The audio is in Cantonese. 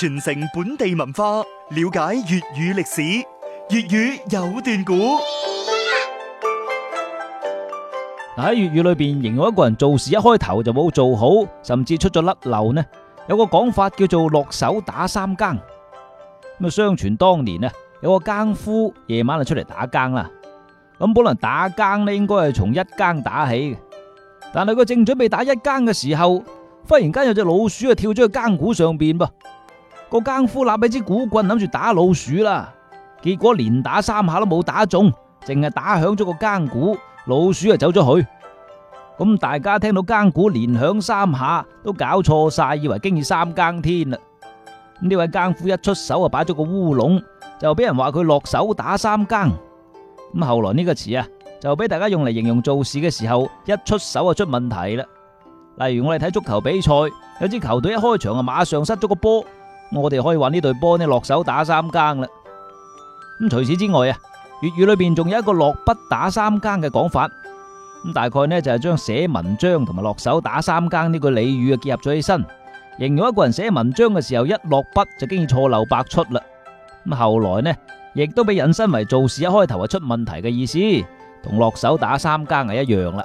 傳承本地文化，了解粵語歷史，粵語有段古。嗱喺粵語裏邊，形容一個人做事一開頭就冇做好，甚至出咗甩漏呢，有個講法叫做落手打三更。咁啊，相傳當年啊，有個更夫夜晚啊出嚟打更啦。咁本來打更呢，應該係從一更打起嘅，但係佢正準備打一更嘅時候，忽然間有隻老鼠啊跳咗去更鼓上邊噃。個更夫拿起支鼓棍諗住打老鼠啦，結果連打三下都冇打中，淨係打響咗個更鼓，老鼠啊走咗去。咁大家聽到更鼓連響三下都搞錯晒，以為經已三更天啦。呢位更夫一出手啊擺咗個烏龍，就俾人話佢落手打三更。咁後來呢個詞啊就俾大家用嚟形容做事嘅時候一出手就出問題啦。例如我哋睇足球比賽，有支球隊一開場啊馬上失咗個波。我哋可以話呢對波呢落手打三更啦。咁除此之外啊，粵語裏邊仲有一個落筆打三更嘅講法。咁大概呢就係將寫文章同埋落手打三更呢個俚語啊結合咗起身，形容一個人寫文章嘅時候一落筆就經已錯漏百出啦。咁後來呢亦都被引申為做事一開頭啊出問題嘅意思，同落手打三更係一樣啦。